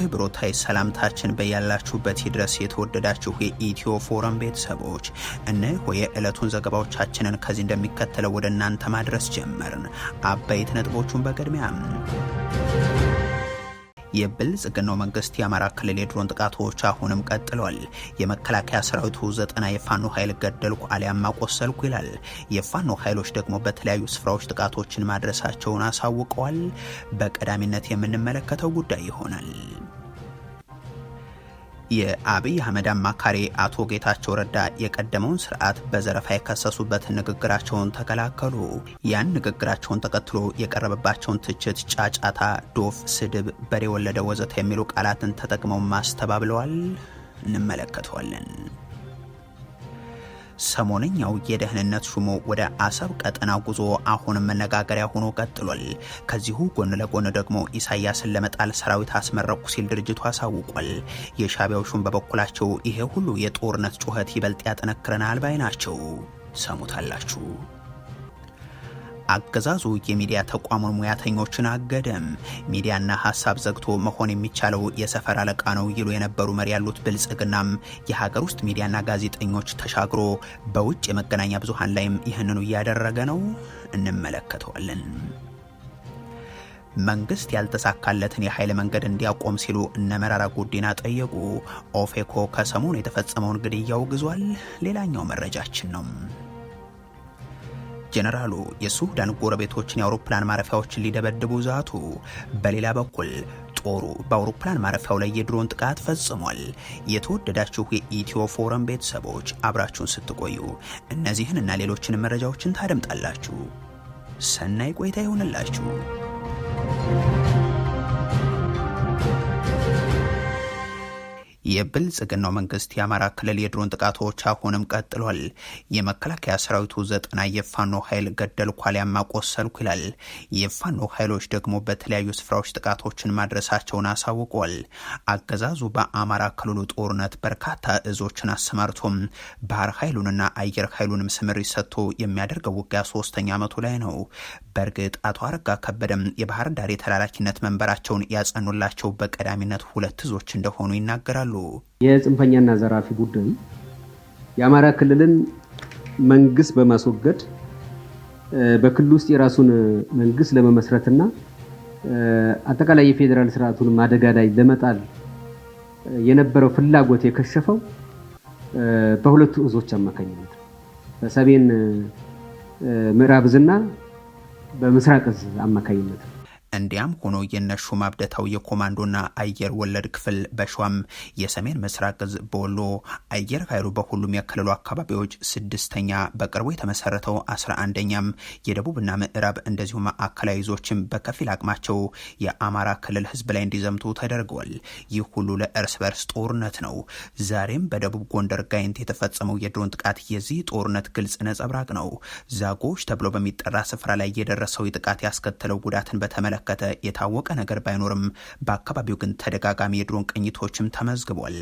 ክብሮታይ ሰላምታችን በያላችሁበት ድረስ የተወደዳችሁ የኢትዮ ፎረም ቤተሰቦች እነሆ የዕለቱን ዘገባዎቻችንን ከዚህ እንደሚከተለው ወደ እናንተ ማድረስ ጀመርን። አበይት ነጥቦቹን በቅድሚያም የብልጽግናው መንግስት የአማራ ክልል የድሮን ጥቃቶች አሁንም ቀጥሏል። የመከላከያ ሰራዊቱ ዘጠና የፋኖ ኃይል ገደልኩ አሊያም አቆሰልኩ ይላል። የፋኖ ኃይሎች ደግሞ በተለያዩ ስፍራዎች ጥቃቶችን ማድረሳቸውን አሳውቀዋል። በቀዳሚነት የምንመለከተው ጉዳይ ይሆናል። የአብይ አህመድ አማካሪ አቶ ጌታቸው ረዳ የቀደመውን ስርዓት በዘረፋ የከሰሱበት ንግግራቸውን ተከላከሉ። ያን ንግግራቸውን ተከትሎ የቀረበባቸውን ትችት፣ ጫጫታ፣ ዶፍ፣ ስድብ፣ በሬ ወለደ ወዘተ የሚሉ ቃላትን ተጠቅመው ማስተባብለዋል። እንመለከተዋለን። ሰሞነኛው የደህንነት ሹሙ ወደ አሰብ ቀጠና ጉዞ አሁንም መነጋገሪያ ሆኖ ቀጥሏል። ከዚሁ ጎን ለጎን ደግሞ ኢሳያስን ለመጣል ሰራዊት አስመረቁ ሲል ድርጅቱ አሳውቋል። የሻቢያው ሹም በበኩላቸው ይሄ ሁሉ የጦርነት ጩኸት ይበልጥ ያጠነክረናል ባይ ናቸው። ሰሙታላችሁ። አገዛዙ የሚዲያ ተቋሙን ሙያተኞችን አገደም። ሚዲያና ሀሳብ ዘግቶ መሆን የሚቻለው የሰፈር አለቃ ነው ይሉ የነበሩ መሪ ያሉት ብልጽግናም የሀገር ውስጥ ሚዲያና ጋዜጠኞች ተሻግሮ በውጭ የመገናኛ ብዙሃን ላይም ይህንኑ እያደረገ ነው። እንመለከተዋለን። መንግስት ያልተሳካለትን የኃይል መንገድ እንዲያቆም ሲሉ እነ መረራ ጉዲና ጠየቁ። ኦፌኮ ከሰሞኑ የተፈጸመውን ግድያ አውግዟል። ሌላኛው መረጃችን ነው። ጄኔራሉ የሱዳን ጎረቤቶችን የአውሮፕላን ማረፊያዎችን ሊደበድቡ ዛቱ። በሌላ በኩል ጦሩ በአውሮፕላን ማረፊያው ላይ የድሮን ጥቃት ፈጽሟል። የተወደዳችሁ የኢትዮ ፎረም ቤተሰቦች አብራችሁን ስትቆዩ እነዚህን እና ሌሎችን መረጃዎችን ታደምጣላችሁ። ሰናይ ቆይታ ይሆንላችሁ። የብልጽግናው መንግስት የአማራ ክልል የድሮን ጥቃቶች አሁንም ቀጥሏል። የመከላከያ ሰራዊቱ ዘጠና የፋኖ ኃይል ገደልኳል ያማቆሰልኩ ይላል። የፋኖ ኃይሎች ደግሞ በተለያዩ ስፍራዎች ጥቃቶችን ማድረሳቸውን አሳውቋል። አገዛዙ በአማራ ክልሉ ጦርነት በርካታ እዞችን አሰማርቶም ባህር ኃይሉንና አየር ኃይሉንም ስምሪት ሰጥቶ የሚያደርገው ውጊያ ሶስተኛ ዓመቱ ላይ ነው። በእርግጥ አቶ አረጋ ከበደም የባህር ዳር የተላላኪነት መንበራቸውን ያጸኑላቸው በቀዳሚነት ሁለት እዞች እንደሆኑ ይናገራሉ። የጽንፈኛና ዘራፊ ቡድን የአማራ ክልልን መንግስት በማስወገድ በክልል ውስጥ የራሱን መንግስት ለመመስረትና አጠቃላይ የፌዴራል ስርዓቱን አደጋ ላይ ለመጣል የነበረው ፍላጎት የከሸፈው በሁለቱ እዞች አማካኝነት በሰሜን ምዕራብ እዝና በምስራቅ እዝ አማካኝነት ነው። እንዲያም ሆኖ የነሹ ማብደታው የኮማንዶና አየር ወለድ ክፍል በሸዋም የሰሜን ምስራቅ እዝ በወሎ አየር ኃይሉ በሁሉም የክልሉ አካባቢዎች ስድስተኛ በቅርቡ የተመሰረተው አስራ አንደኛም የደቡብና ምዕራብ እንደዚሁ ማዕከላዊ ዞችም በከፊል አቅማቸው የአማራ ክልል ህዝብ ላይ እንዲዘምቱ ተደርገዋል። ይህ ሁሉ ለእርስ በርስ ጦርነት ነው። ዛሬም በደቡብ ጎንደር ጋይንት የተፈጸመው የድሮን ጥቃት የዚህ ጦርነት ግልጽ ነጸብራቅ ነው። ዛጎች ተብሎ በሚጠራ ስፍራ ላይ የደረሰው ጥቃት ያስከተለው ጉዳትን በተመለ በተመለከተ የታወቀ ነገር ባይኖርም በአካባቢው ግን ተደጋጋሚ የድሮን ቅኝቶችም ተመዝግቧል።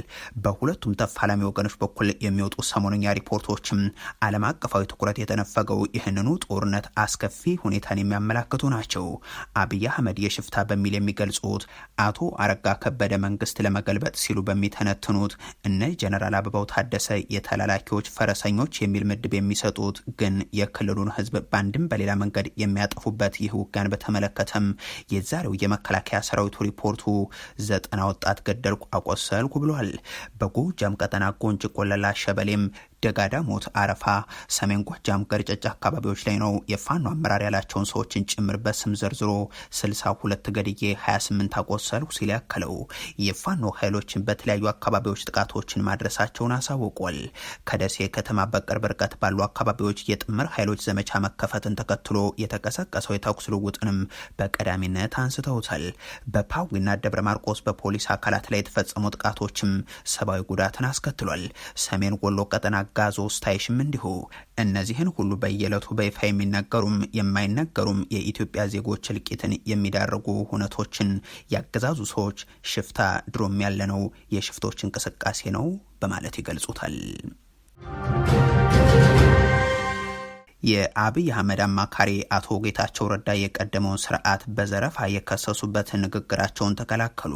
በሁለቱም ተፋላሚ ወገኖች በኩል የሚወጡ ሰሞነኛ ሪፖርቶችም ዓለም አቀፋዊ ትኩረት የተነፈገው ይህንኑ ጦርነት አስከፊ ሁኔታን የሚያመላክቱ ናቸው። አብይ አህመድ የሽፍታ በሚል የሚገልጹት አቶ አረጋ ከበደ መንግስት ለመገልበጥ ሲሉ በሚተነትኑት እነ ጀነራል አበባው ታደሰ የተላላኪዎች ፈረሰኞች የሚል ምድብ የሚሰጡት ግን የክልሉን ህዝብ በአንድም በሌላ መንገድ የሚያጠፉበት ይህ ውጋን በተመለከተም የዛሬው የመከላከያ ሰራዊቱ ሪፖርቱ ዘጠና ወጣት ገደልኩ አቆሰልኩ ብሏል። በጎጃም ቀጠና ጎንጅ ቆለላ ሸበሌም ደጋዳሞት፣ አረፋ፣ ሰሜን ጎጃም ገርጨጫ አካባቢዎች ላይ ነው የፋኖ አመራር ያላቸውን ሰዎችን ጭምር በስም ዘርዝሮ 62 ገድዬ 28 አቆሰልኩ ሲል ያከለው የፋኖ ኃይሎችን በተለያዩ አካባቢዎች ጥቃቶችን ማድረሳቸውን አሳውቋል። ከደሴ ከተማ በቅርብ ርቀት ባሉ አካባቢዎች የጥምር ኃይሎች ዘመቻ መከፈትን ተከትሎ የተቀሰቀሰው የተኩስ ልውውጥንም በቀዳሚነት አንስተውታል። በፓዊና ደብረ ማርቆስ በፖሊስ አካላት ላይ የተፈጸሙ ጥቃቶችም ሰብአዊ ጉዳትን አስከትሏል። ሰሜን ወሎ ቀጠና አጋዞ አይሽም እንዲሁ። እነዚህን ሁሉ በየዕለቱ በይፋ የሚነገሩም የማይነገሩም የኢትዮጵያ ዜጎች እልቂትን የሚዳርጉ ሁነቶችን ያገዛዙ ሰዎች ሽፍታ ድሮም ያለነው የሽፍቶች እንቅስቃሴ ነው በማለት ይገልጹታል። የአብይ አህመድ አማካሪ አቶ ጌታቸው ረዳ የቀደመውን ስርዓት በዘረፋ የከሰሱበት ንግግራቸውን ተከላከሉ።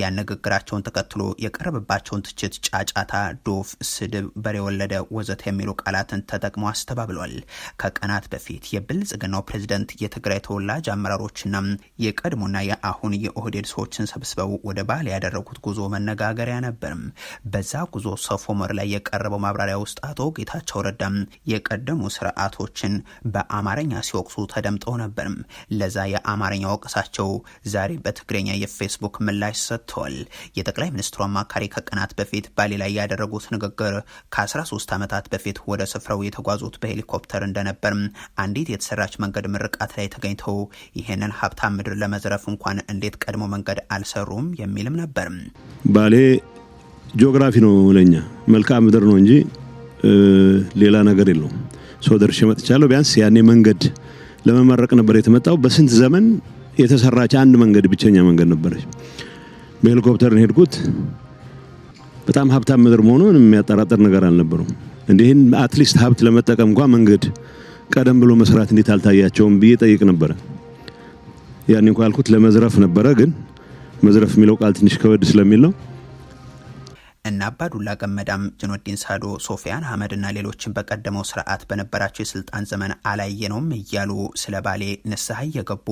ያን ንግግራቸውን ተከትሎ የቀረበባቸውን ትችት፣ ጫጫታ፣ ዶፍ፣ ስድብ፣ በሬ ወለደ ወዘተ የሚሉ ቃላትን ተጠቅመው አስተባብሏል። ከቀናት በፊት የብልጽግናው ፕሬዝደንት የትግራይ ተወላጅ አመራሮችና የቀድሞና የአሁን የኦህዴድ ሰዎችን ሰብስበው ወደ ባህል ያደረጉት ጉዞ መነጋገሪያ ነበርም። በዛ ጉዞ ሰፎመር ላይ የቀረበው ማብራሪያ ውስጥ አቶ ጌታቸው ረዳ የቀደሙ ስርዓቱ ወጣቶችን በአማርኛ ሲወቅሱ ተደምጠው ነበር። ለዛ የአማርኛ ወቀሳቸው ዛሬ በትግረኛ የፌስቡክ ምላሽ ሰጥተዋል። የጠቅላይ ሚኒስትሩ አማካሪ ከቀናት በፊት ባሌ ላይ ያደረጉት ንግግር ከ13 ዓመታት በፊት ወደ ስፍራው የተጓዙት በሄሊኮፕተር እንደነበር አንዲት የተሰራች መንገድ ምርቃት ላይ ተገኝተው ይህንን ሀብታም ምድር ለመዝረፍ እንኳን እንዴት ቀድሞ መንገድ አልሰሩም የሚልም ነበር። ባሌ ጂኦግራፊ ነው ለኛ መልክዓ ምድር ነው እንጂ ሌላ ነገር የለውም። ሰው ደርሼ መጥቻለሁ። ቢያንስ ያኔ መንገድ ለመመረቅ ነበር የተመጣው። በስንት ዘመን የተሰራች አንድ መንገድ ብቸኛ መንገድ ነበረች። በሄሊኮፕተር ሄድኩት። በጣም ሀብታም ምድር መሆኑን የሚያጠራጥር ነገር አልነበረም። እንዲህን አትሊስት ሀብት ለመጠቀም እንኳ መንገድ ቀደም ብሎ መስራት እንዴት አልታያቸውም ብዬ ጠይቅ ነበረ። ያኔ እንኳ ያልኩት ለመዝረፍ ነበረ፣ ግን መዝረፍ የሚለው ቃል ትንሽ ከበድ ስለሚል ነው። እና አባዱላ ገመዳም ጅኖዲን ሳዶ፣ ሶፊያን አህመድና ሌሎችን በቀደመው ስርዓት በነበራቸው የስልጣን ዘመን አላየነውም እያሉ ስለ ባሌ ንስሐ እየገቡ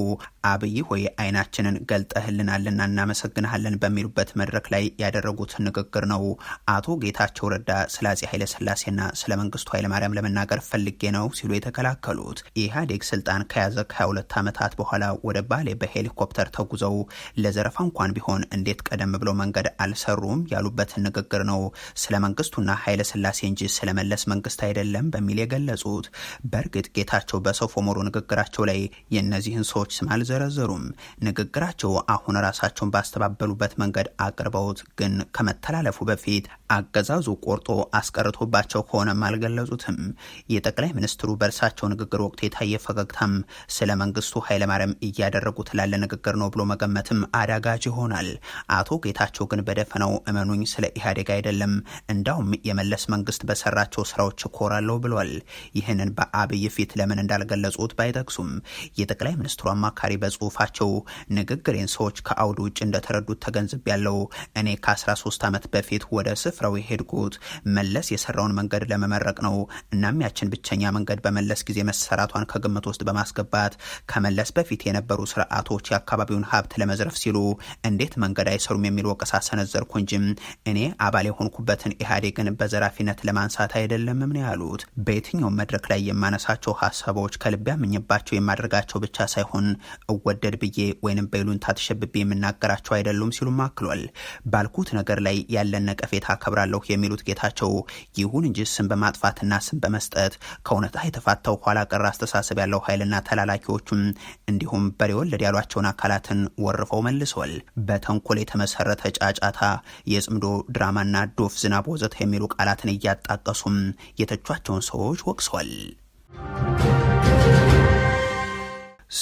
አብይ ሆይ አይናችንን ገልጠህልናልና እናመሰግንሃለን በሚሉበት መድረክ ላይ ያደረጉት ንግግር ነው። አቶ ጌታቸው ረዳ ስለ አጼ ኃይለስላሴና ስለ መንግስቱ ኃይለማርያም ለመናገር ፈልጌ ነው ሲሉ የተከላከሉት ኢህአዴግ ስልጣን ከያዘ ከ22 ዓመታት በኋላ ወደ ባሌ በሄሊኮፕተር ተጉዘው ለዘረፋ እንኳን ቢሆን እንዴት ቀደም ብለው መንገድ አልሰሩም ያሉበት ንግግር ንግግር ነው ስለ መንግስቱና ኃይለ ስላሴ እንጂ ስለመለስ መንግስት አይደለም በሚል የገለጹት። በእርግጥ ጌታቸው በሰው ፎሞሮ ንግግራቸው ላይ የእነዚህን ሰዎች ስም አልዘረዘሩም። ንግግራቸው አሁን ራሳቸውን ባስተባበሉበት መንገድ አቅርበውት ግን ከመተላለፉ በፊት አገዛዙ ቆርጦ አስቀርቶባቸው ከሆነም አልገለጹትም። የጠቅላይ ሚኒስትሩ በእርሳቸው ንግግር ወቅት የታየ ፈገግታም ስለ መንግስቱ ኃይለማርያም እያደረጉት ላለ ንግግር ነው ብሎ መገመትም አዳጋጅ ይሆናል። አቶ ጌታቸው ግን በደፈነው እመኑኝ ስለ ኢህአዴግ አይደለም፣ እንዳውም የመለስ መንግስት በሰራቸው ስራዎች እኮራለሁ ብሏል። ይህንን በአብይ ፊት ለምን እንዳልገለጹት ባይጠቅሱም የጠቅላይ ሚኒስትሩ አማካሪ በጽሁፋቸው ንግግሬን ሰዎች ከአውድ ውጭ እንደተረዱት ተገንዝብ ያለው እኔ ከ13 ዓመት በፊት ወደ ስፍራው የሄድኩት መለስ የሰራውን መንገድ ለመመረቅ ነው። እናም ያችን ብቸኛ መንገድ በመለስ ጊዜ መሰራቷን ከግምት ውስጥ በማስገባት ከመለስ በፊት የነበሩ ስርዓቶች የአካባቢውን ሀብት ለመዝረፍ ሲሉ እንዴት መንገድ አይሰሩም የሚል ወቀሳ ሰነዘርኩ እንጂም እኔ አባል የሆንኩበትን ኢህአዴግን በዘራፊነት ለማንሳት አይደለም ምን ያሉት በየትኛውም መድረክ ላይ የማነሳቸው ሀሳቦች ከልብ ያምኝባቸው የማድረጋቸው ብቻ ሳይሆን እወደድ ብዬ ወይንም በይሉኝታ ተሸብቤ የምናገራቸው አይደሉም ሲሉም አክሏል። ባልኩት ነገር ላይ ያለን ነቀፌታ አከብራለሁ የሚሉት ጌታቸው፣ ይሁን እንጂ ስም በማጥፋትና ስም በመስጠት ከእውነታ የተፋታው ኋላ ቀር አስተሳሰብ ያለው ኃይልና ተላላኪዎቹም እንዲሁም በሬ ወለድ ያሏቸውን አካላትን ወርፈው መልሰዋል። በተንኮል የተመሰረተ ጫጫታ የጽምዶ ድራማ ድራማና ዶፍ ዝናብ ወዘተ የሚሉ ቃላትን እያጣቀሱም የተቿቸውን ሰዎች ወቅሰዋል።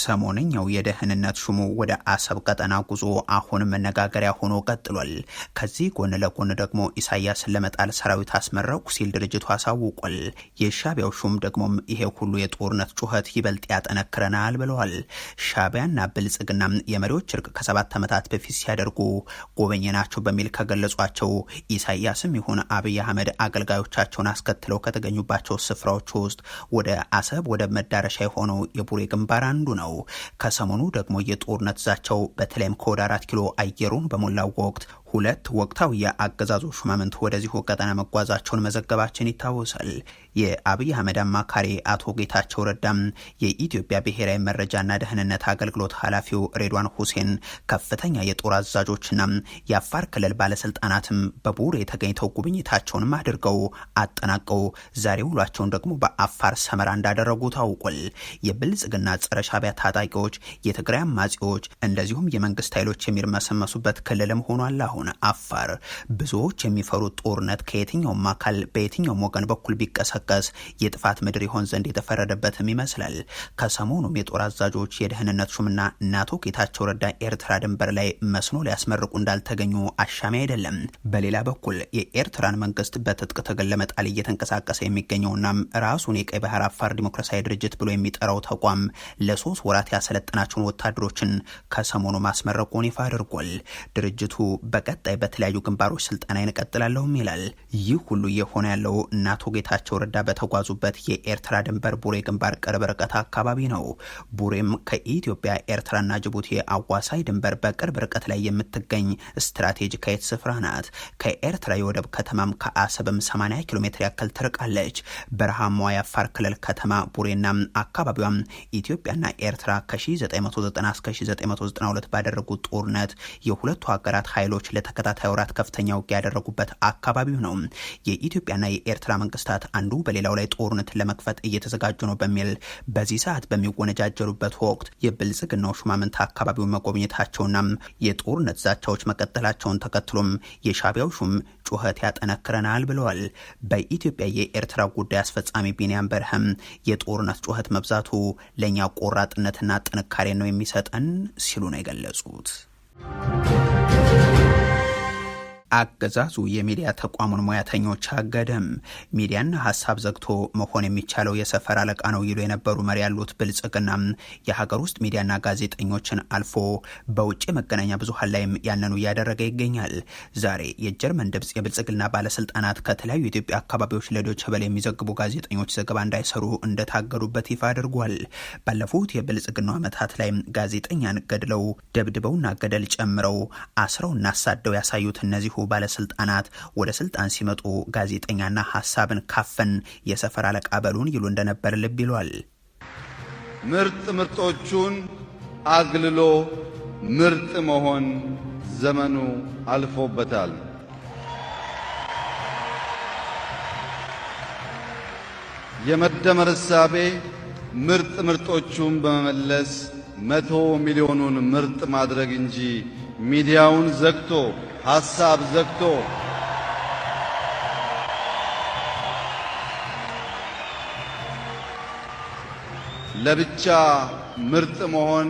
ሰሞነኛው የደህንነት ሹሙ ወደ አሰብ ቀጠና ጉዞ አሁን መነጋገሪያ ሆኖ ቀጥሏል። ከዚህ ጎን ለጎን ደግሞ ኢሳያስን ለመጣል ሰራዊት አስመረቁ ሲል ድርጅቱ አሳውቋል። የሻቢያው ሹም ደግሞም ይሄ ሁሉ የጦርነት ጩኸት ይበልጥ ያጠነክረናል ብለዋል። ሻቢያና ብልጽግና የመሪዎች እርቅ ከሰባት ዓመታት በፊት ሲያደርጉ ጎበኘ ናቸው በሚል ከገለጿቸው ኢሳያስም ይሁን አብይ አህመድ አገልጋዮቻቸውን አስከትለው ከተገኙባቸው ስፍራዎች ውስጥ ወደ አሰብ ወደ መዳረሻ የሆነው የቡሬ ግንባር አንዱ ነው። ነው። ከሰሞኑ ደግሞ የጦርነት ዛቸው በተለይም ከወደ አራት ኪሎ አየሩን በሞላው ወቅት ሁለት ወቅታዊ የአገዛዙ ሹማምንት ወደዚሁ ቀጠና መጓዛቸውን መዘገባችን ይታወሳል። የአብይ አህመድ አማካሪ አቶ ጌታቸው ረዳም የኢትዮጵያ ብሔራዊ መረጃና ደህንነት አገልግሎት ኃላፊው ሬድዋን ሁሴን ከፍተኛ የጦር አዛዦችና የአፋር ክልል ባለስልጣናትም በቡሬ የተገኝተው ጉብኝታቸውንም አድርገው አጠናቀው ዛሬ ውሏቸውን ደግሞ በአፋር ሰመራ እንዳደረጉ ታውቋል። የብልጽግና ጸረ ሻዕቢያ ታጣቂዎች፣ የትግራይ አማጺዎች እንደዚሁም የመንግስት ኃይሎች የሚርመሰመሱበት ክልልም ሆኗል አሁን የሆነውን አፋር ብዙዎች የሚፈሩት ጦርነት ከየትኛውም አካል በየትኛውም ወገን በኩል ቢቀሰቀስ የጥፋት ምድር ይሆን ዘንድ የተፈረደበትም ይመስላል። ከሰሞኑም የጦር አዛዦች የደህንነት ሹምና ናቶ ጌታቸው ረዳ ኤርትራ ድንበር ላይ መስኖ ሊያስመርቁ እንዳልተገኙ አሻሚ አይደለም። በሌላ በኩል የኤርትራን መንግስት በትጥቅ ትግል ለመጣል እየተንቀሳቀሰ የሚገኘውና ራሱን የቀይ ባህር አፋር ዲሞክራሲያዊ ድርጅት ብሎ የሚጠራው ተቋም ለሶስት ወራት ያሰለጠናቸውን ወታደሮችን ከሰሞኑ ማስመረቁን ይፋ አድርጓል። ድርጅቱ በቀ በቀጣይ በተለያዩ ግንባሮች ስልጠና ይንቀጥላለሁም ይላል። ይህ ሁሉ እየሆነ ያለው እነ አቶ ጌታቸው ረዳ በተጓዙበት የኤርትራ ድንበር ቡሬ ግንባር ቅርብ ርቀት አካባቢ ነው። ቡሬም ከኢትዮጵያ ኤርትራና ጅቡቲ አዋሳኝ ድንበር በቅርብ ርቀት ላይ የምትገኝ ስትራቴጂካዊት ስፍራ ናት። ከኤርትራ የወደብ ከተማም ከአሰብም 80 ኪሎ ሜትር ያክል ትርቃለች። በረሃማዋ የአፋር ክልል ከተማ ቡሬና አካባቢዋም ኢትዮጵያና ኤርትራ ከ1990 እስከ 1992 ባደረጉት ጦርነት የሁለቱ ሀገራት ኃይሎች ለተከታታይ ወራት ከፍተኛ ውጊያ ያደረጉበት አካባቢው ነው። የኢትዮጵያና የኤርትራ መንግስታት አንዱ በሌላው ላይ ጦርነት ለመክፈት እየተዘጋጁ ነው በሚል በዚህ ሰዓት በሚወነጃጀሩበት ወቅት የብልጽግናው ሹማምንት አካባቢውን መጎብኘታቸውና የጦርነት ዛቻዎች መቀጠላቸውን ተከትሎም የሻቢያው ሹም ጩኸት ያጠነክረናል ብለዋል። በኢትዮጵያ የኤርትራ ጉዳይ አስፈጻሚ ቢንያም በርህም የጦርነት ጩኸት መብዛቱ ለእኛ ቆራጥነትና ጥንካሬ ነው የሚሰጠን ሲሉ ነው የገለጹት። አገዛዙ የሚዲያ ተቋሙን ሙያተኞች አገደም። ሚዲያና ሀሳብ ዘግቶ መሆን የሚቻለው የሰፈር አለቃ ነው ይሉ የነበሩ መሪ ያሉት ብልጽግና የሀገር ውስጥ ሚዲያና ጋዜጠኞችን አልፎ በውጭ መገናኛ ብዙሀን ላይም ያንኑ እያደረገ ይገኛል። ዛሬ የጀርመን ድምፅ የብልጽግና ባለስልጣናት ከተለያዩ የኢትዮጵያ አካባቢዎች ለዶች በል የሚዘግቡ ጋዜጠኞች ዘገባ እንዳይሰሩ እንደታገዱበት ይፋ አድርጓል። ባለፉት የብልጽግናው ዓመታት ላይ ጋዜጠኛን ገድለው ደብድበውና ገደል ጨምረው አስረው እናሳደው ያሳዩት እነዚሁ ባለስልጣናት ወደ ስልጣን ሲመጡ ጋዜጠኛና ሀሳብን ካፈን የሰፈር አለቃ በሉን ይሉ እንደነበር ልብ ይሏል። ምርጥ ምርጦቹን አግልሎ ምርጥ መሆን ዘመኑ አልፎበታል። የመደመር እሳቤ ምርጥ ምርጦቹን በመመለስ መቶ ሚሊዮኑን ምርጥ ማድረግ እንጂ ሚዲያውን ዘግቶ ሐሳብ ዘግቶ ለብቻ ምርጥ መሆን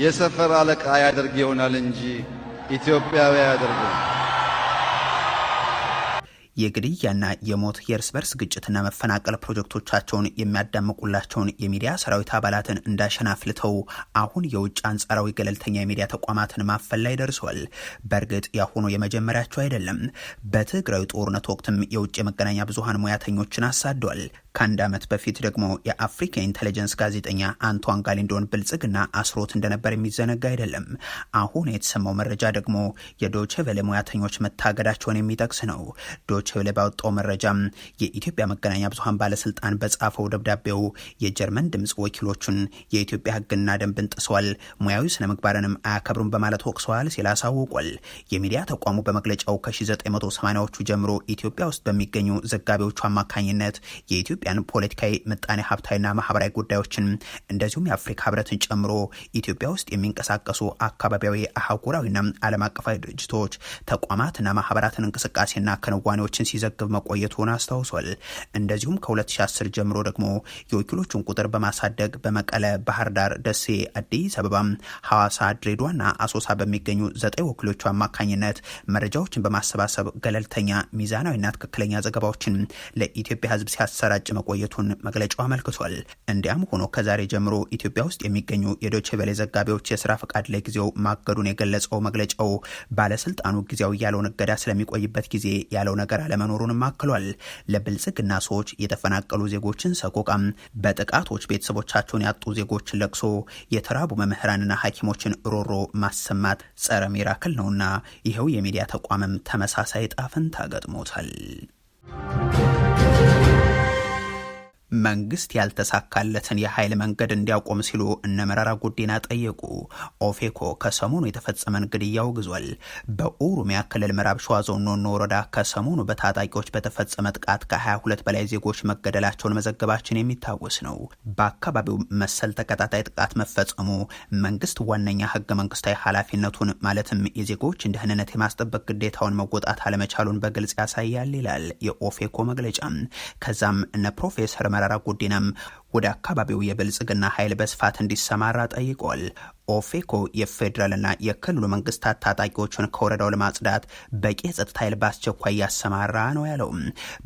የሰፈር አለቃ ያደርግ ይሆናል እንጂ ኢትዮጵያዊ ያደርገው የግድያና የሞት የእርስ በርስ ግጭትና መፈናቀል ፕሮጀክቶቻቸውን የሚያዳምቁላቸውን የሚዲያ ሰራዊት አባላትን እንዳሸናፍልተው አሁን የውጭ አንጻራዊ ገለልተኛ የሚዲያ ተቋማትን ማፈን ላይ ደርሷል። በእርግጥ ያሁኑ የመጀመሪያቸው አይደለም። በትግራዊ ጦርነት ወቅትም የውጭ የመገናኛ ብዙሀን ሙያተኞችን አሳደዋል። ከአንድ ዓመት በፊት ደግሞ የአፍሪካ ኢንቴሊጀንስ ጋዜጠኛ አንቷን ጋሊንዶን ብልጽግና አስሮት እንደነበር የሚዘነጋ አይደለም። አሁን የተሰማው መረጃ ደግሞ የዶቼ ቬለ ሙያተኞች መታገዳቸውን የሚጠቅስ ነው። ዶቼ ቬለ ባወጣው መረጃ የኢትዮጵያ መገናኛ ብዙሀን ባለስልጣን በጻፈው ደብዳቤው የጀርመን ድምፅ ወኪሎቹን የኢትዮጵያ ህግና ደንብን ጥሰዋል፣ ሙያዊ ስነ ምግባርንም አያከብሩም በማለት ወቅሰዋል ሲል አሳውቋል። የሚዲያ ተቋሙ በመግለጫው ከ1980ዎቹ ጀምሮ ኢትዮጵያ ውስጥ በሚገኙ ዘጋቢዎቹ አማካኝነት የኢትዮጵያን ፖለቲካዊ፣ ምጣኔ ሀብታዊና ማህበራዊ ጉዳዮችን እንደዚሁም የአፍሪካ ህብረትን ጨምሮ ኢትዮጵያ ውስጥ የሚንቀሳቀሱ አካባቢያዊ አህጉራዊና ዓለም አቀፋዊ ድርጅቶች ተቋማትና ማህበራትን እንቅስቃሴና ክንዋኔዎች ዘገባዎችን ሲዘግብ መቆየቱን አስታውሷል። እንደዚሁም ከ2010 ጀምሮ ደግሞ የወኪሎቹን ቁጥር በማሳደግ በመቀለ፣ ባህር ዳር፣ ደሴ፣ አዲስ አበባ፣ ሐዋሳ፣ ድሬዳዋና አሶሳ በሚገኙ ዘጠኝ ወኪሎቹ አማካኝነት መረጃዎችን በማሰባሰብ ገለልተኛ ሚዛናዊና ትክክለኛ ዘገባዎችን ለኢትዮጵያ ሕዝብ ሲያሰራጭ መቆየቱን መግለጫው አመልክቷል። እንዲያም ሆኖ ከዛሬ ጀምሮ ኢትዮጵያ ውስጥ የሚገኙ የዶችቬሌ ዘጋቢዎች የስራ ፈቃድ ለጊዜው ማገዱን የገለጸው መግለጫው ባለስልጣኑ ጊዜያዊ ያለውን እገዳ ስለሚቆይበት ጊዜ ያለው ነገር አለመኖሩንም አክሏል። ለብልጽግና ሰዎች የተፈናቀሉ ዜጎችን ሰቆቃም፣ በጥቃቶች ቤተሰቦቻቸውን ያጡ ዜጎችን ለቅሶ፣ የተራቡ መምህራንና ሐኪሞችን ሮሮ ማሰማት ጸረ ሚራክል ነውና ይኸው የሚዲያ ተቋምም ተመሳሳይ ጣፍን ታገጥሞታል። መንግስት ያልተሳካለትን የኃይል መንገድ እንዲያቆም ሲሉ እነ መረራ ጉዲና ጠየቁ። ኦፌኮ ከሰሞኑ የተፈጸመን ግድያ አውግዟል። በኦሮሚያ ክልል ምዕራብ ሸዋ ዞን ኖኖ ወረዳ ከሰሞኑ በታጣቂዎች በተፈጸመ ጥቃት ከ22 በላይ ዜጎች መገደላቸውን መዘገባችን የሚታወስ ነው። በአካባቢው መሰል ተቀጣጣይ ጥቃት መፈጸሙ መንግስት ዋነኛ ህገ መንግስታዊ ኃላፊነቱን ማለትም የዜጎች ደህንነት የማስጠበቅ ግዴታውን መወጣት አለመቻሉን በግልጽ ያሳያል ይላል የኦፌኮ መግለጫ። ከዛም እነ ፕሮፌሰር አመራራ ጉዲናም ወደ አካባቢው የብልጽግና ኃይል በስፋት እንዲሰማራ ጠይቋል። ኦፌኮ የፌዴራልና የክልሉ መንግስታት ታጣቂዎችን ከወረዳው ለማጽዳት በቂ የጸጥታ ኃይል በአስቸኳይ ያሰማራ ነው ያለው።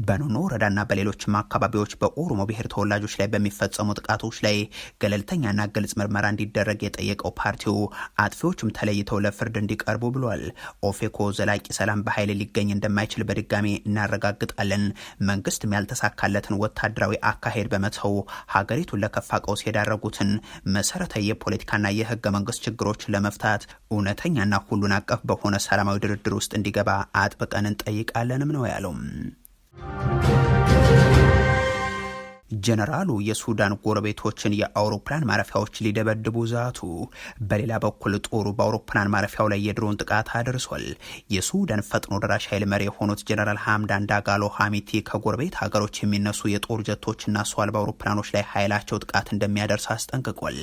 በኖኖ ወረዳና በሌሎችም አካባቢዎች በኦሮሞ ብሔር ተወላጆች ላይ በሚፈጸሙ ጥቃቶች ላይ ገለልተኛና ግልጽ ምርመራ እንዲደረግ የጠየቀው ፓርቲው አጥፊዎችም ተለይተው ለፍርድ እንዲቀርቡ ብሏል። ኦፌኮ ዘላቂ ሰላም በኃይል ሊገኝ እንደማይችል በድጋሜ እናረጋግጣለን፣ መንግስትም ያልተሳካለትን ወታደራዊ አካሄድ በመተው ሀገሪቱን ለከፋ ቀውስ የዳረጉትን መሰረታዊ የፖለቲካና የህገ መንግስት ችግሮች ለመፍታት እውነተኛና ሁሉን አቀፍ በሆነ ሰላማዊ ድርድር ውስጥ እንዲገባ አጥብቀን እንጠይቃለንም ነው ያለው። ጀነራሉ የሱዳን ጎረቤቶችን የአውሮፕላን ማረፊያዎች ሊደበድቡ ዛቱ። በሌላ በኩል ጦሩ በአውሮፕላን ማረፊያው ላይ የድሮን ጥቃት አድርሷል። የሱዳን ፈጥኖ ደራሽ ኃይል መሪ የሆኑት ጀነራል ሀምዳን ዳጋሎ ሀሚቲ ከጎረቤት ሀገሮች የሚነሱ የጦር ጀቶችና ሰው አልባ አውሮፕላኖች ላይ ኃይላቸው ጥቃት እንደሚያደርስ አስጠንቅቋል።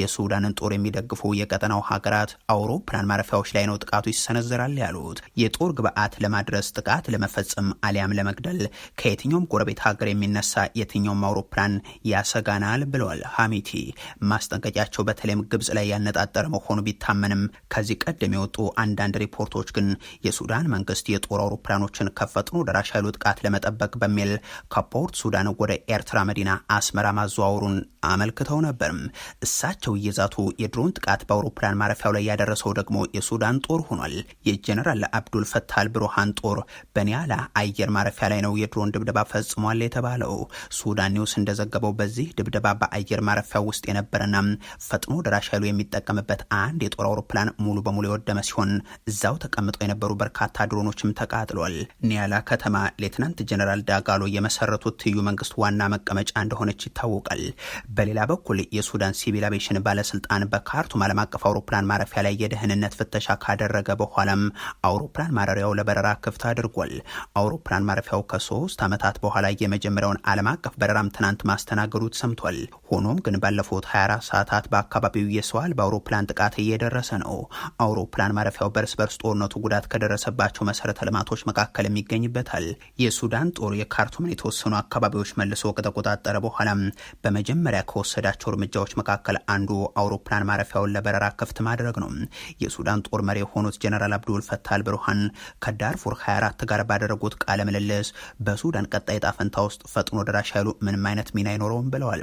የሱዳንን ጦር የሚደግፉ የቀጠናው ሀገራት አውሮፕላን ማረፊያዎች ላይ ነው ጥቃቱ ይሰነዘራል ያሉት። የጦር ግብአት ለማድረስ ጥቃት ለመፈጸም አሊያም ለመግደል ከየትኛውም ጎረቤት ሀገር የሚነሳ የትኛውም አውሮፕላን ያሰጋናል ብለዋል ሀሚቲ። ማስጠንቀቂያቸው በተለይም ግብጽ ላይ ያነጣጠረ መሆኑ ቢታመንም ከዚህ ቀደም የወጡ አንዳንድ ሪፖርቶች ግን የሱዳን መንግስት የጦር አውሮፕላኖችን ከፈጥኖ ደራሽ ኃይሉ ጥቃት ለመጠበቅ በሚል ከፖርት ሱዳን ወደ ኤርትራ መዲና አስመራ ማዘዋወሩን አመልክተው ነበርም። እሳቸው እየዛቱ የድሮን ጥቃት በአውሮፕላን ማረፊያው ላይ ያደረሰው ደግሞ የሱዳን ጦር ሆኗል። የጀነራል አብዱል ፈታል ብሩሃን ጦር በኒያላ አየር ማረፊያ ላይ ነው የድሮን ድብደባ ፈጽሟል የተባለው። ሱዳን ኒውስ እንደዘገበው በዚህ ድብደባ በአየር ማረፊያ ውስጥ የነበረና ፈጥኖ ደራሽ ኃይሉ የሚጠቀምበት አንድ የጦር አውሮፕላን ሙሉ በሙሉ የወደመ ሲሆን እዛው ተቀምጠው የነበሩ በርካታ ድሮኖችም ተቃጥሏል። ኒያላ ከተማ ሌትናንት ጀነራል ዳጋሎ የመሰረቱት ትዩ መንግስት ዋና መቀመጫ እንደሆነች ይታወቃል። በሌላ በኩል የሱዳን ሲቪል አቬሽን ባለስልጣን በካርቱም ዓለም አቀፍ አውሮፕላን ማረፊያ ላይ የደህንነት ፍተሻ ካደረገ በኋላም አውሮፕላን ማረሪያው ለበረራ ክፍት አድርጓል። አውሮፕላን ማረፊያው ከሶስት ዓመታት በኋላ የመጀመሪያውን ዓለም አቀፍ በረራ ስብሰባም ትናንት ማስተናገዱ ተሰምቷል። ሆኖም ግን ባለፉት 24 ሰዓታት በአካባቢው የሰው አልባ በአውሮፕላን ጥቃት እየደረሰ ነው። አውሮፕላን ማረፊያው በርስ በርስ ጦርነቱ ጉዳት ከደረሰባቸው መሰረተ ልማቶች መካከል የሚገኝበታል። የሱዳን ጦር የካርቱምን የተወሰኑ አካባቢዎች መልሶ ከተቆጣጠረ በኋላም በመጀመሪያ ከወሰዳቸው እርምጃዎች መካከል አንዱ አውሮፕላን ማረፊያውን ለበረራ ክፍት ማድረግ ነው። የሱዳን ጦር መሪ የሆኑት ጀነራል አብዱል ፈታህ አልብርሃን ከዳርፉር 24 ጋር ባደረጉት ቃለ ምልልስ በሱዳን ቀጣይ ጣፈንታ ውስጥ ፈጥኖ ደራሽ ኃይሉ ምን ምንም አይነት ሚና አይኖረውም ብለዋል።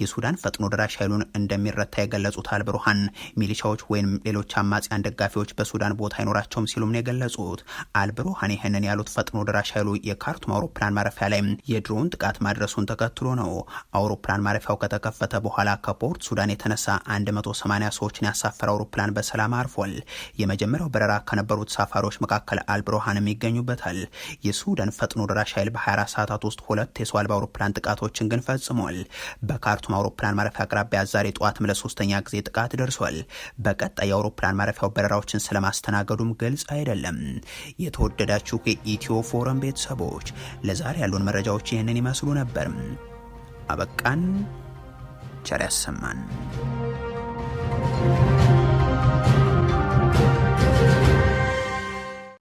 የሱዳን ፈጥኖ ደራሽ ኃይሉን እንደሚረታ የገለጹት አልብሩሃን ሚሊሻዎች ወይም ሌሎች አማጽያን ደጋፊዎች በሱዳን ቦታ አይኖራቸውም ሲሉም ነው የገለጹት። አልብሩሃን ይህንን ያሉት ፈጥኖ ደራሽ ኃይሉ የካርቱም አውሮፕላን ማረፊያ ላይ የድሮን ጥቃት ማድረሱን ተከትሎ ነው። አውሮፕላን ማረፊያው ከተከፈተ በኋላ ከፖርት ሱዳን የተነሳ 180 ሰዎችን ያሳፈረ አውሮፕላን በሰላም አርፏል። የመጀመሪያው በረራ ከነበሩት ተሳፋሪዎች መካከል አልብሩሃንም ይገኙበታል። የሱዳን ፈጥኖ ደራሽ ኃይል በ24 ሰዓታት ውስጥ ሁለት የሰው አልባ አውሮፕላን ጥቃቶች ጥቃቶችን ግን ፈጽሟል። በካርቱም አውሮፕላን ማረፊያ አቅራቢያ ዛሬ ጠዋትም ለሶስተኛ ጊዜ ጥቃት ደርሷል። በቀጣይ የአውሮፕላን ማረፊያው በረራዎችን ስለማስተናገዱም ግልጽ አይደለም። የተወደዳችሁ የኢትዮ ፎረም ቤተሰቦች ለዛሬ ያሉን መረጃዎች ይህንን ይመስሉ ነበር። አበቃን። ቸር ያሰማን።